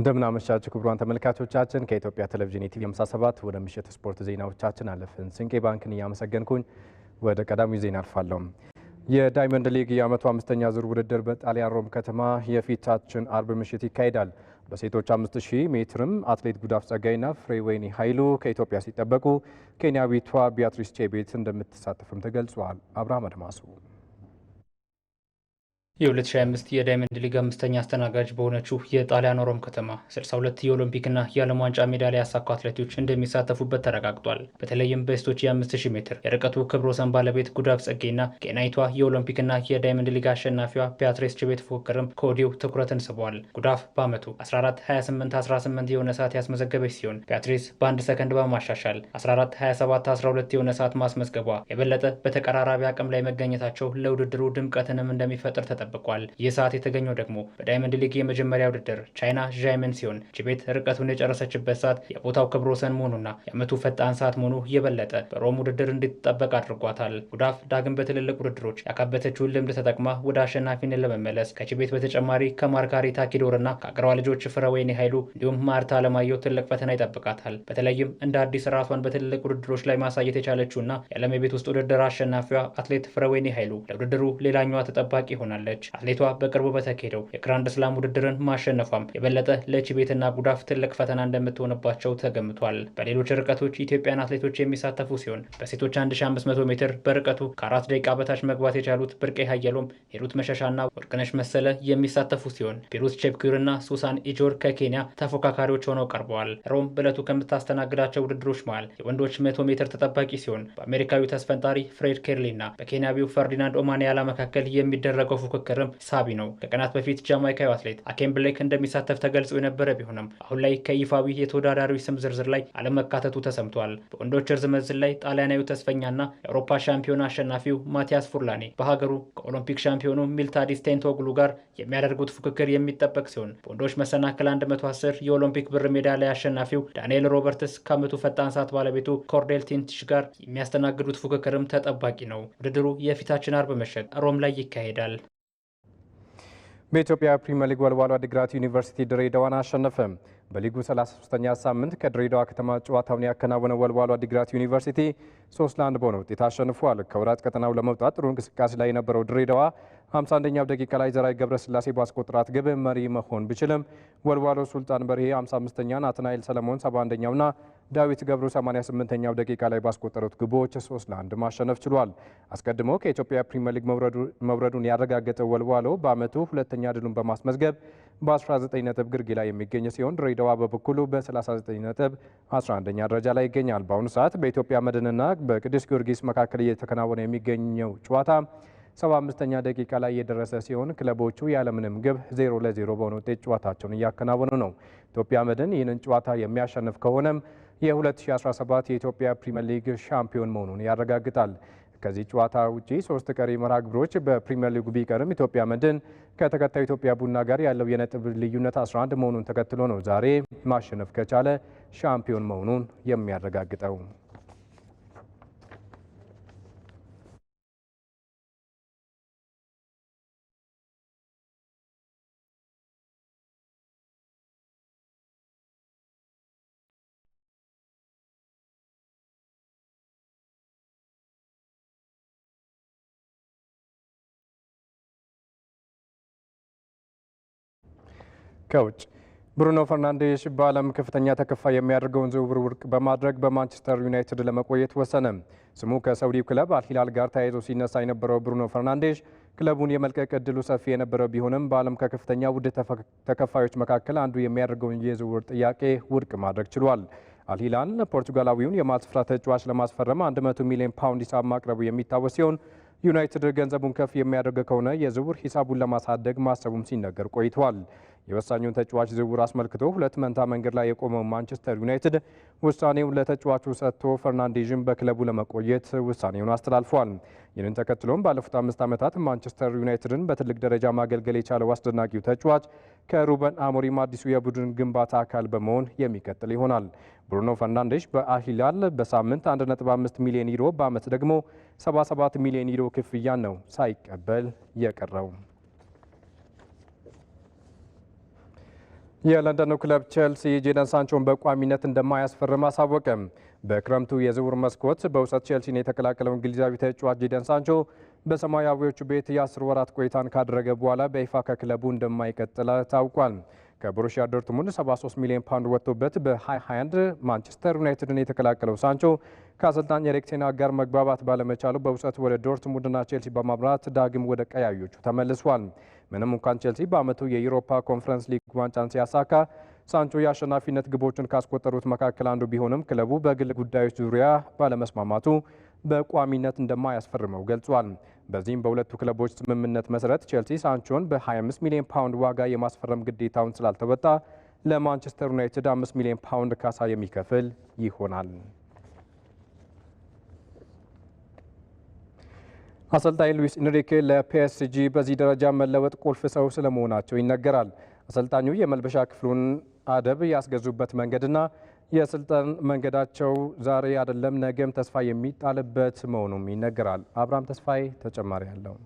እንደምናመሻችሁ ክቡራን ተመልካቾቻችን ከኢትዮጵያ ቴሌቪዥን ኢቲቪ 57 ወደ ምሽት ስፖርት ዜናዎቻችን አለፍን። ስንቄ ባንክን እያመሰገንኩኝ ወደ ቀዳሚው ዜና አልፋለሁ። የዳይመንድ ሊግ የዓመቱ አምስተኛ ዙር ውድድር በጣሊያን ሮም ከተማ የፊታችን አርብ ምሽት ይካሄዳል። በሴቶች 5000 ሜትርም አትሌት ጉዳፍ ጸጋይና ፍሬወይኒ ኃይሉ ከኢትዮጵያ ሲጠበቁ ኬንያዊቷ ቢያትሪስ ቼቤት እንደምትሳተፍም ተገልጿል። አብርሃም አድማሱ የ2025 የዳይመንድ ሊግ አምስተኛ አስተናጋጅ በሆነችው የጣሊያን ሮም ከተማ 62 የኦሎምፒክና የዓለም ዋንጫ ሜዳሊያ ያሳኩ አትሌቶች እንደሚሳተፉበት ተረጋግጧል። በተለይም በሴቶች የ5000 ሜትር የርቀቱ ክብረ ወሰን ባለቤት ጉዳፍ ጸጌና ኬንያዊቷ የኦሎምፒክና የዳይመንድ ሊግ አሸናፊዋ ቢያትሬስ ችቤት ፉክክርም ከወዲሁ ትኩረትን ስቧል። ጉዳፍ በዓመቱ 18 የሆነ ሰዓት ያስመዘገበች ሲሆን ቢያትሬስ በአንድ ሰከንድ በማሻሻል 12 የሆነ ሰዓት ማስመዝገቧ የበለጠ በተቀራራቢ አቅም ላይ መገኘታቸው ለውድድሩ ድምቀትንም እንደሚፈጥር ተጠ ተጠብቋል። ይህ ሰዓት የተገኘው ደግሞ በዳይመንድ ሊግ የመጀመሪያ ውድድር ቻይና ዣይመን ሲሆን ቲቤት ርቀቱን የጨረሰችበት ሰዓት የቦታው ክብረ ወሰን መሆኑና የዓመቱ ፈጣን ሰዓት መሆኑ የበለጠ በሮም ውድድር እንድትጠበቅ አድርጓታል። ጉዳፍ ዳግም በትልልቅ ውድድሮች ያካበተችውን ልምድ ተጠቅማ ወደ አሸናፊነት ለመመለስ ከቲቤት በተጨማሪ ከማርካሪ ታኪዶርና ከአገሯ ልጆች ፍረወይኔ ኃይሉ እንዲሁም ማርታ አለማየሁ ትልቅ ፈተና ይጠብቃታል። በተለይም እንደ አዲስ ራሷን በትልልቅ ውድድሮች ላይ ማሳየት የቻለችውና የዓለም የቤት ውስጥ ውድድር አሸናፊዋ አትሌት ፍረወይኔ ኃይሉ ለውድድሩ ሌላኛዋ ተጠባቂ ይሆናለች። ነበረች። አትሌቷ በቅርቡ በተካሄደው የግራንድ ስላም ውድድርን ማሸነፏም የበለጠ ቤትና ጉዳፍ ትልቅ ፈተና እንደምትሆንባቸው ተገምቷል። በሌሎች ርቀቶች ኢትዮጵያን አትሌቶች የሚሳተፉ ሲሆን በሴቶች 1500 ሜትር በርቀቱ ከአራት ደቂቃ በታች መግባት የቻሉት ብርቄ ሀየሎም፣ ሂሩት መሸሻና ወርቅነሽ መሰለ የሚሳተፉ ሲሆን ቢሩት ቼፕኪርና ሱሳን ኢጆር ከኬንያ ተፎካካሪዎች ሆነው ቀርበዋል። ሮም በዕለቱ ከምታስተናግዳቸው ውድድሮች መሃል የወንዶች መቶ ሜትር ተጠባቂ ሲሆን በአሜሪካዊ ተስፈንጣሪ ፍሬድ ኬርሊና በኬንያዊው ፈርዲናንድ ኦማንያላ መካከል የሚደረገው ፉክክር ፉክክርም ሳቢ ነው። ከቀናት በፊት ጃማይካዊ አትሌት አኬም ብሌክ እንደሚሳተፍ ተገልጾ የነበረ ቢሆንም አሁን ላይ ከይፋዊ የተወዳዳሪዎች ስም ዝርዝር ላይ አለመካተቱ ተሰምቷል። በወንዶች ርዝመት ዝላይ ጣሊያናዊ ተስፈኛና የአውሮፓ ሻምፒዮን አሸናፊው ማቲያስ ፉርላኔ በሀገሩ ከኦሎምፒክ ሻምፒዮኑ ሚልታዲስ ቴንቶግሉ ጋር የሚያደርጉት ፉክክር የሚጠበቅ ሲሆን በወንዶች መሰናክል 110 የኦሎምፒክ ብር ሜዳሊያ አሸናፊው ዳንኤል ሮበርትስ ከአመቱ ፈጣን ሰዓት ባለቤቱ ኮርዴል ቲንትሽ ጋር የሚያስተናግዱት ፉክክርም ተጠባቂ ነው። ውድድሩ የፊታችን አርብ መሸጥ ሮም ላይ ይካሄዳል። በኢትዮጵያ ፕሪምየር ሊግ ወልዋሎ ዓዲግራት ዩኒቨርሲቲ ድሬዳዋን አሸነፈ። በሊጉ 33ኛ ሳምንት ከድሬዳዋ ከተማ ጨዋታውን ያከናወነ ወልዋሎ ዓዲግራት ዩኒቨርሲቲ 3 ለ1 በሆነ ውጤት አሸንፏል። ከወራጭ ቀጠናው ለመውጣት ጥሩ እንቅስቃሴ ላይ የነበረው ድሬዳዋ 51ኛው ደቂቃ ላይ ዘራይ ገብረስላሴ ባስቆጥራት ግብ መሪ መሆን ቢችልም ወልዋሎ ሱልጣን በርሄ 55ኛ፣ ናትናኤል ሰለሞን 71ኛውና ዳዊት ገብሩ 88ኛው ደቂቃ ላይ ባስቆጠሩት ግቦች 3 ለ1 ማሸነፍ ችሏል። አስቀድሞ ከኢትዮጵያ ፕሪምየር ሊግ መውረዱን ያረጋገጠው ወልዋሎ በዓመቱ ሁለተኛ ድሉን በማስመዝገብ በ19 ነጥብ ግርጌ ላይ የሚገኝ ሲሆን ድሬዳዋ በበኩሉ በ39 ነጥብ 11ኛ ደረጃ ላይ ይገኛል። በአሁኑ ሰዓት በኢትዮጵያ መድንና በቅዱስ ጊዮርጊስ መካከል እየተከናወነ የሚገኘው ጨዋታ 75ኛ ደቂቃ ላይ የደረሰ ሲሆን ክለቦቹ ያለምንም ግብ 0 ለ0 በሆነ ውጤት ጨዋታቸውን እያከናወኑ ነው። ኢትዮጵያ መድን ይህንን ጨዋታ የሚያሸንፍ ከሆነም የ2017 የኢትዮጵያ ፕሪምየር ሊግ ሻምፒዮን መሆኑን ያረጋግጣል። ከዚህ ጨዋታ ውጪ ሶስት ቀሪ መርሃ ግብሮች በፕሪምየር ሊጉ ቢቀርም ኢትዮጵያ መድን ከተከታዩ ኢትዮጵያ ቡና ጋር ያለው የነጥብ ልዩነት 11 መሆኑን ተከትሎ ነው ዛሬ ማሸነፍ ከቻለ ሻምፒዮን መሆኑን የሚያረጋግጠው። ከውጭ ብሩኖ ፈርናንዴሽ በዓለም ከፍተኛ ተከፋይ የሚያደርገውን ዝውውር ውድቅ በማድረግ በማንቸስተር ዩናይትድ ለመቆየት ወሰነ። ስሙ ከሳውዲ ክለብ አልሂላል ጋር ተያይዞ ሲነሳ የነበረው ብሩኖ ፈርናንዴሽ ክለቡን የመልቀቅ እድሉ ሰፊ የነበረ ቢሆንም በዓለም ከከፍተኛ ውድ ተከፋዮች መካከል አንዱ የሚያደርገውን የዝውውር ጥያቄ ውድቅ ማድረግ ችሏል። አልሂላል ፖርቱጋላዊውን የመሃል ተጫዋች ለማስፈረም 100 ሚሊዮን ፓውንድ ሂሳብ ማቅረቡ የሚታወስ ሲሆን ዩናይትድ ገንዘቡን ከፍ የሚያደርግ ከሆነ የዝውውር ሂሳቡን ለማሳደግ ማሰቡም ሲነገር ቆይቷል። የወሳኙን ተጫዋች ዝውውር አስመልክቶ ሁለት መንታ መንገድ ላይ የቆመው ማንቸስተር ዩናይትድ ውሳኔውን ለተጫዋቹ ሰጥቶ ፈርናንዴዥን በክለቡ ለመቆየት ውሳኔውን አስተላልፏል። ይህንን ተከትሎም ባለፉት አምስት ዓመታት ማንቸስተር ዩናይትድን በትልቅ ደረጃ ማገልገል የቻለው አስደናቂው ተጫዋች ከሩበን አሞሪም አዲሱ የቡድን ግንባታ አካል በመሆን የሚቀጥል ይሆናል። ብሩኖ ፈርናንዴሽ በአሂላል በሳምንት 1.5 ሚሊዮን ዩሮ በዓመት ደግሞ 77 ሚሊዮን ዩሮ ክፍያን ነው ሳይቀበል የቀረው። የለንደኑ ክለብ ቼልሲ ጄደን ሳንቾን በቋሚነት እንደማያስፈርም አሳወቀ። በክረምቱ የዝውውር መስኮት በውሰት ቼልሲን የተቀላቀለው እንግሊዛዊ ተጫዋች ጄደን ሳንቾ በሰማያዊዎቹ ቤት የአስር ወራት ቆይታን ካደረገ በኋላ በይፋ ከክለቡ እንደማይቀጥል ታውቋል። ከቦሩሲያ ዶርትሙንድ 73 ሚሊዮን ፓውንድ ወጥቶበት በ2021 ማንቸስተር ዩናይትድን የተቀላቀለው ሳንቾ ከአሰልጣኝ ኤሪክ ቴን ሃግ ጋር መግባባት ባለመቻሉ በውሰት ወደ ዶርትሙንድና ቼልሲ በማምራት ዳግም ወደ ቀያዮቹ ተመልሷል። ምንም እንኳን ቼልሲ በዓመቱ የዩሮፓ ኮንፈረንስ ሊግ ዋንጫን ሲያሳካ ሳንቾ የአሸናፊነት ግቦችን ካስቆጠሩት መካከል አንዱ ቢሆንም ክለቡ በግል ጉዳዮች ዙሪያ ባለመስማማቱ በቋሚነት እንደማያስፈርመው ገልጿል። በዚህም በሁለቱ ክለቦች ስምምነት መሰረት ቼልሲ ሳንቾን በ25 ሚሊዮን ፓውንድ ዋጋ የማስፈረም ግዴታውን ስላልተወጣ ለማንቸስተር ዩናይትድ 5 ሚሊዮን ፓውንድ ካሳ የሚከፍል ይሆናል። አሰልጣኝ ሉዊስ ኢንሪኬ ለፒኤስጂ በዚህ ደረጃ መለወጥ ቁልፍ ሰው ስለመሆናቸው ይነገራል። አሰልጣኙ የመልበሻ ክፍሉን አደብ ያስገዙበት መንገድና የስልጣን መንገዳቸው ዛሬ አይደለም ነገም ተስፋ የሚጣልበት መሆኑም ይነገራል። አብርሃም ተስፋዬ ተጨማሪ አለው።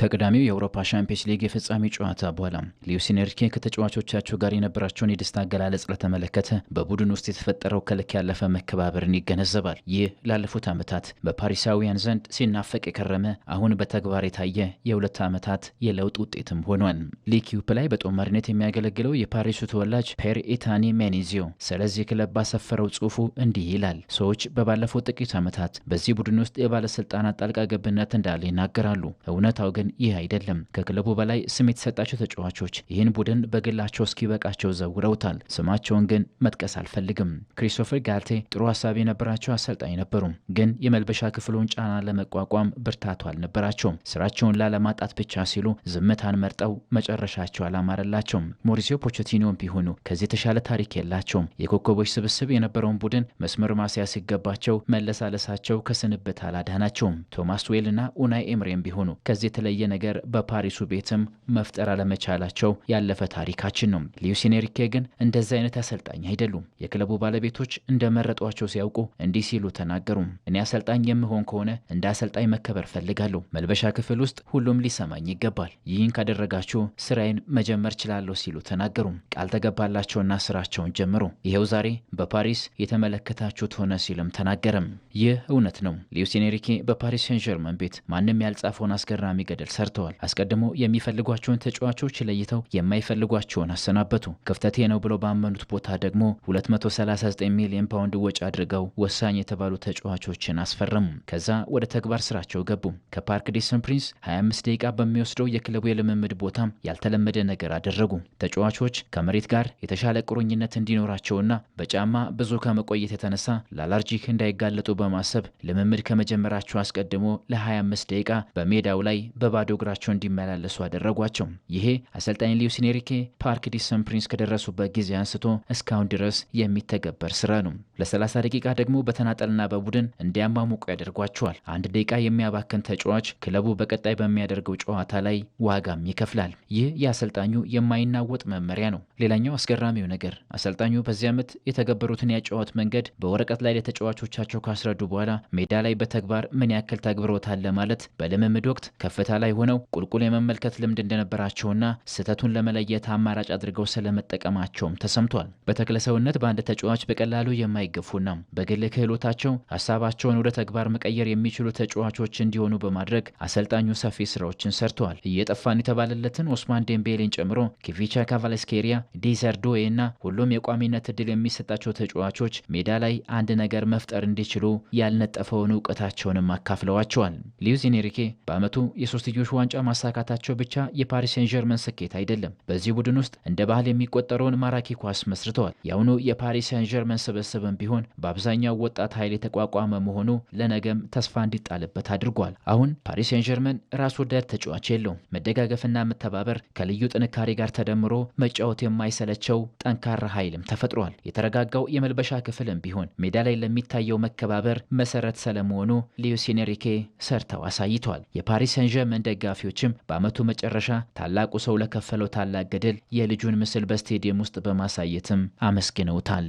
ከቅዳሜው የአውሮፓ ሻምፒየንስ ሊግ የፍጻሜ ጨዋታ በኋላ ሉዊስ ኤንሪኬ ከተጫዋቾቻቸው ጋር የነበራቸውን የደስታ አገላለጽ ለተመለከተ በቡድን ውስጥ የተፈጠረው ከልክ ያለፈ መከባበርን ይገነዘባል። ይህ ላለፉት ዓመታት በፓሪሳውያን ዘንድ ሲናፈቅ የከረመ አሁን በተግባር የታየ የሁለት ዓመታት የለውጥ ውጤትም ሆኗል። ሊኪዩፕ ላይ በጦማሪነት የሚያገለግለው የፓሪሱ ተወላጅ ፔር ኢታኒ ሜኒዚዮ ስለዚህ ክለብ ባሰፈረው ጽሑፉ እንዲህ ይላል። ሰዎች በባለፈው ጥቂት ዓመታት በዚህ ቡድን ውስጥ የባለሥልጣናት ጣልቃ ገብነት እንዳለ ይናገራሉ። እውነታው ግን ግን ይህ አይደለም። ከክለቡ በላይ ስም የተሰጣቸው ተጫዋቾች ይህን ቡድን በግላቸው እስኪበቃቸው ዘውረውታል። ስማቸውን ግን መጥቀስ አልፈልግም። ክሪስቶፈር ጋርቴ ጥሩ ሀሳብ የነበራቸው አሰልጣኝ ነበሩ፣ ግን የመልበሻ ክፍሉን ጫና ለመቋቋም ብርታቱ አልነበራቸውም። ስራቸውን ላለማጣት ብቻ ሲሉ ዝምታን መርጠው መጨረሻቸው አላማረላቸውም። ሞሪሲዮ ፖቼቲኖም ቢሆኑ ከዚህ የተሻለ ታሪክ የላቸውም። የኮከቦች ስብስብ የነበረውን ቡድን መስመር ማስያ ሲገባቸው መለሳለሳቸው ከስንብት አላዳናቸውም። ቶማስ እና ኡናይ ኤምሬም ቢሆኑ ከዚህ የተለየ የተለየ ነገር በፓሪሱ ቤትም መፍጠር አለመቻላቸው ያለፈ ታሪካችን ነው። ሉዊስ ኤንሪኬ ግን እንደዚህ አይነት አሰልጣኝ አይደሉም። የክለቡ ባለቤቶች እንደመረጧቸው ሲያውቁ እንዲህ ሲሉ ተናገሩ። እኔ አሰልጣኝ የምሆን ከሆነ እንደ አሰልጣኝ መከበር ፈልጋለሁ። መልበሻ ክፍል ውስጥ ሁሉም ሊሰማኝ ይገባል። ይህን ካደረጋችሁ ስራዬን መጀመር ችላለሁ ሲሉ ተናገሩ። ቃል ተገባላቸውና ስራቸውን ጀምሩ። ይኸው ዛሬ በፓሪስ የተመለከታችሁት ሆነ ሲልም ተናገረም። ይህ እውነት ነው። ሉዊስ ኤንሪኬ በፓሪስ ሴን ጀርመን ቤት ማንም ያልጻፈውን አስገራሚ ገደል ድል ሰርተዋል። አስቀድሞ የሚፈልጓቸውን ተጫዋቾች ለይተው የማይፈልጓቸውን አሰናበቱ። ክፍተቴ ነው ብለው ባመኑት ቦታ ደግሞ 239 ሚሊዮን ፓውንድ ወጪ አድርገው ወሳኝ የተባሉ ተጫዋቾችን አስፈረሙ። ከዛ ወደ ተግባር ስራቸው ገቡ። ከፓርክ ዴ ፕሪንስ 25 ደቂቃ በሚወስደው የክለቡ የልምምድ ቦታም ያልተለመደ ነገር አደረጉ። ተጫዋቾች ከመሬት ጋር የተሻለ ቁርኝነት እንዲኖራቸውና በጫማ ብዙ ከመቆየት የተነሳ ለአላርጂክ እንዳይጋለጡ በማሰብ ልምምድ ከመጀመራቸው አስቀድሞ ለ25 ደቂቃ በሜዳው ላይ በባ በባዶ እግራቸው እንዲመላለሱ አደረጓቸው። ይሄ አሰልጣኝ ሊዩሲኔሪኬ ኤንሪኬ ፓርክ ዲ ሰን ፕሪንስ ከደረሱበት ጊዜ አንስቶ እስካሁን ድረስ የሚተገበር ስራ ነው። ለ30 ደቂቃ ደግሞ በተናጠልና በቡድን እንዲያማሙቁ ያደርጓቸዋል። አንድ ደቂቃ የሚያባክን ተጫዋች ክለቡ በቀጣይ በሚያደርገው ጨዋታ ላይ ዋጋም ይከፍላል። ይህ የአሰልጣኙ የማይናወጥ መመሪያ ነው። ሌላኛው አስገራሚው ነገር አሰልጣኙ በዚህ ዓመት የተገበሩትን ያጨዋት መንገድ በወረቀት ላይ ለተጫዋቾቻቸው ካስረዱ በኋላ ሜዳ ላይ በተግባር ምን ያክል ተግብሮታል ለማለት በልምምድ ወቅት ከፍታ ላይ ሆነው ቁልቁል የመመልከት ልምድ እንደነበራቸውና ስህተቱን ለመለየት አማራጭ አድርገው ስለመጠቀማቸውም ተሰምቷል። በተክለሰውነት በአንድ ተጫዋች በቀላሉ የማይ አይገፉና በግል ክህሎታቸው ሀሳባቸውን ወደ ተግባር መቀየር የሚችሉ ተጫዋቾች እንዲሆኑ በማድረግ አሰልጣኙ ሰፊ ስራዎችን ሰርተዋል። እየጠፋን የተባለለትን ኦስማን ዴምቤሌን ጨምሮ ኪቪቻ ካቫለስኬሪያ፣ ዲዘርዶዌ እና ሁሉም የቋሚነት እድል የሚሰጣቸው ተጫዋቾች ሜዳ ላይ አንድ ነገር መፍጠር እንዲችሉ ያልነጠፈውን እውቀታቸውንም አካፍለዋቸዋል። ሉዊስ ኤንሪኬ በአመቱ የሶስትዮሽ ዋንጫ ማሳካታቸው ብቻ የፓሪስ ሴን ጀርመን ስኬት አይደለም። በዚህ ቡድን ውስጥ እንደ ባህል የሚቆጠረውን ማራኪ ኳስ መስርተዋል። የአሁኑ የፓሪስ ሴን ጀርመን ስብስብን እንኳን ቢሆን በአብዛኛው ወጣት ኃይል የተቋቋመ መሆኑ ለነገም ተስፋ እንዲጣልበት አድርጓል። አሁን ፓሪስ ሴን ጀርመን ራስ ወዳድ ተጫዋች የለውም። መደጋገፍና መተባበር ከልዩ ጥንካሬ ጋር ተደምሮ መጫወት የማይሰለቸው ጠንካራ ኃይልም ተፈጥሯል። የተረጋጋው የመልበሻ ክፍልም ቢሆን ሜዳ ላይ ለሚታየው መከባበር መሰረት ስለመሆኑ ሉዊስ ኤንሪኬ ሰርተው አሳይቷል። የፓሪስ ሴን ጀርመን ደጋፊዎችም በዓመቱ መጨረሻ ታላቁ ሰው ለከፈለው ታላቅ ገድል የልጁን ምስል በስቴዲየም ውስጥ በማሳየትም አመስግነውታል።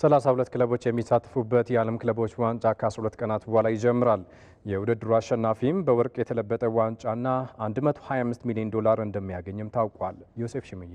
32 ክለቦች የሚሳተፉበት የዓለም ክለቦች ዋንጫ ከ12 ቀናት በኋላ ይጀምራል። የውድድሩ አሸናፊም በወርቅ የተለበጠ ዋንጫና 125 ሚሊዮን ዶላር እንደሚያገኝም ታውቋል። ዮሴፍ ሽምዬ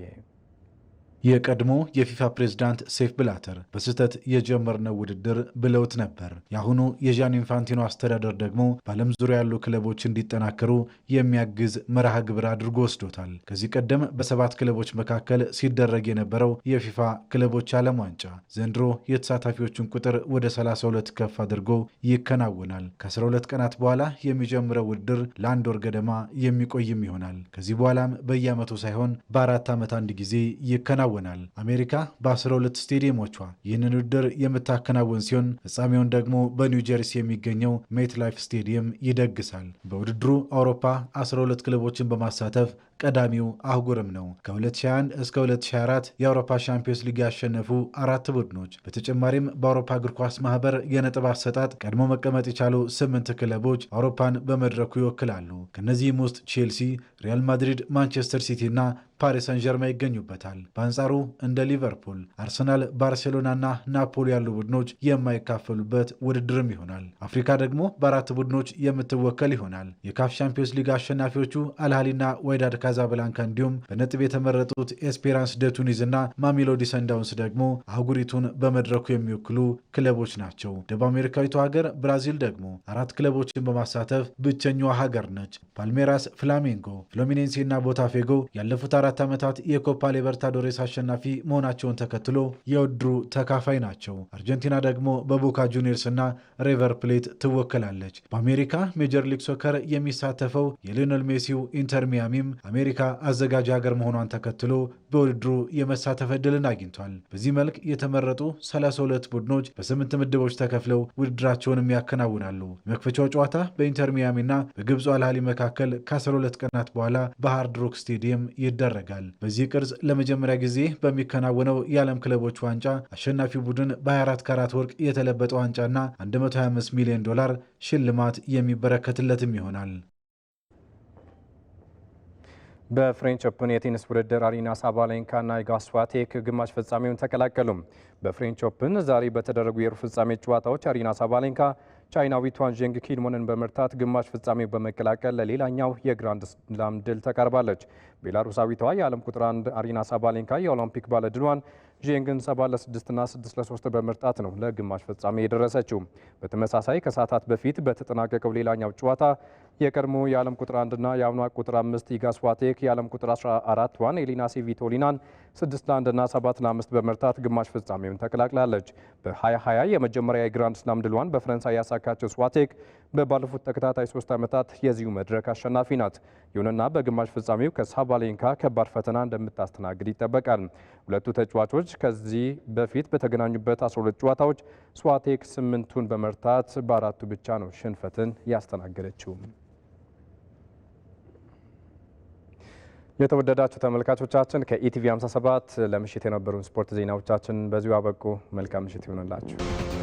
የቀድሞ የፊፋ ፕሬዝዳንት ሴፍ ብላተር በስህተት የጀመርነው ውድድር ብለውት ነበር። የአሁኑ የዣን ኢንፋንቲኖ አስተዳደር ደግሞ በዓለም ዙሪያ ያሉ ክለቦች እንዲጠናከሩ የሚያግዝ መርሃ ግብር አድርጎ ወስዶታል። ከዚህ ቀደም በሰባት ክለቦች መካከል ሲደረግ የነበረው የፊፋ ክለቦች ዓለም ዋንጫ ዘንድሮ የተሳታፊዎችን ቁጥር ወደ 32 ከፍ አድርጎ ይከናወናል። ከ12 ቀናት በኋላ የሚጀምረው ውድድር ለአንድ ወር ገደማ የሚቆይም ይሆናል። ከዚህ በኋላም በየዓመቱ ሳይሆን በአራት ዓመት አንድ ጊዜ ይከናወናል። ይከናወናል። አሜሪካ በ12 ስቴዲየሞቿ ይህንን ውድድር የምታከናውን ሲሆን ፍጻሜውን ደግሞ በኒው ጀርሲ የሚገኘው ሜት ላይፍ ስቴዲየም ይደግሳል። በውድድሩ አውሮፓ 12 ክለቦችን በማሳተፍ ቀዳሚው አህጉርም ነው። ከ2021 እስከ 2024 የአውሮፓ ሻምፒዮንስ ሊግ ያሸነፉ አራት ቡድኖች በተጨማሪም በአውሮፓ እግር ኳስ ማህበር የነጥብ አሰጣጥ ቀድሞ መቀመጥ የቻሉ ስምንት ክለቦች አውሮፓን በመድረኩ ይወክላሉ። ከእነዚህም ውስጥ ቼልሲ፣ ሪያል ማድሪድ፣ ማንቸስተር ሲቲ እና ፓሪስ ሰን ጀርማ ይገኙበታል። በአንጻሩ እንደ ሊቨርፑል፣ አርሰናል፣ ባርሴሎናና ናፖሊ ያሉ ቡድኖች የማይካፈሉበት ውድድርም ይሆናል። አፍሪካ ደግሞ በአራት ቡድኖች የምትወከል ይሆናል። የካፍ ሻምፒዮንስ ሊግ አሸናፊዎቹ አልሃሊና ወይዳድ ካዛብላንካ እንዲሁም በነጥብ የተመረጡት ኤስፔራንስ ደ ቱኒዝ እና ማሚሎዲ ሰንዳውንስ ደግሞ አህጉሪቱን በመድረኩ የሚወክሉ ክለቦች ናቸው። ደቡብ አሜሪካዊቱ ሀገር ብራዚል ደግሞ አራት ክለቦችን በማሳተፍ ብቸኛዋ ሀገር ነች። ፓልሜራስ፣ ፍላሜንጎ፣ ፍሎሚኔንሴ እና ቦታፌጎ ያለፉት አራት ዓመታት የኮፓ ሊበርታዶሬስ አሸናፊ መሆናቸውን ተከትሎ የውድድሩ ተካፋይ ናቸው። አርጀንቲና ደግሞ በቦካ ጁኒየርስ እና ሪቨር ፕሌት ትወከላለች። በአሜሪካ ሜጀር ሊግ ሶከር የሚሳተፈው የሊዮነል ሜሲው ኢንተር ሚያሚም አሜሪካ አዘጋጅ ሀገር መሆኗን ተከትሎ በውድድሩ የመሳተፍ ዕድልን አግኝቷል። በዚህ መልክ የተመረጡ 32 ቡድኖች በስምንት ምድቦች ተከፍለው ውድድራቸውንም ያከናውናሉ። የመክፈቻው ጨዋታ በኢንተር ሚያሚና በግብፁ አልሃሊ መካከል ከ12 ቀናት በኋላ በሃርድ ሮክ ስቴዲየም ይደረጋል። በዚህ ቅርጽ ለመጀመሪያ ጊዜ በሚከናወነው የዓለም ክለቦች ዋንጫ አሸናፊው ቡድን በ24 ካራት ወርቅ የተለበጠ ዋንጫና 125 ሚሊዮን ዶላር ሽልማት የሚበረከትለትም ይሆናል። በፍሬንች ኦፕን የቴኒስ ውድድር አሪና ሳባሌንካና የጋስዋቴክ ግማሽ ፍጻሜውን ተቀላቀሉ። በፍሬንች ኦፕን ዛሬ በተደረጉ የሩብ ፍጻሜ ጨዋታዎች አሪና ሳባሌንካ ቻይናዊቷን ዤንግ ኪንሞንን በመርታት ግማሽ ፍጻሜው በመቀላቀል ለሌላኛው የግራንድ ስላም ድል ተቃርባለች። ቤላሩሳዊቷ የዓለም ቁጥር አንድ አሪና ሳባሌንካ የኦሎምፒክ ባለድሏን ዤንግን 7 ለ6 እና 6 ለ3 በመርታት ነው ለግማሽ ፍጻሜ የደረሰችው። በተመሳሳይ ከሰዓታት በፊት በተጠናቀቀው ሌላኛው ጨዋታ የቀድሞ የዓለም ቁጥር አንድና የአምኗ ቁጥር አምስት ኢጋ ስዋቴክ የዓለም ቁጥር 14 ዋን ኤሊናሴ ቪቶሊናን 6 ለ1ና 7 ለ5 በመርታት ግማሽ ፍጻሜውን ተቀላቅላለች። በ2020 የመጀመሪያ የግራንድ ስላም ድሏን በፈረንሳይ ያሳካቸው ስዋቴክ በባለፉት ተከታታይ ሶስት ዓመታት የዚሁ መድረክ አሸናፊ ናት። ይሁንና በግማሽ ፍጻሜው ከሳባሌንካ ከባድ ፈተና እንደምታስተናግድ ይጠበቃል። ሁለቱ ተጫዋቾች ከዚህ በፊት በተገናኙበት 12 ጨዋታዎች ስዋቴክ ስምንቱን በመርታት በአራቱ ብቻ ነው ሽንፈትን ያስተናገደችው። የተወደዳችሁ ተመልካቾቻችን ከኢቲቪ 57 ለምሽት የነበሩን ስፖርት ዜናዎቻችን በዚሁ አበቁ። መልካም ምሽት ይሁንላችሁ።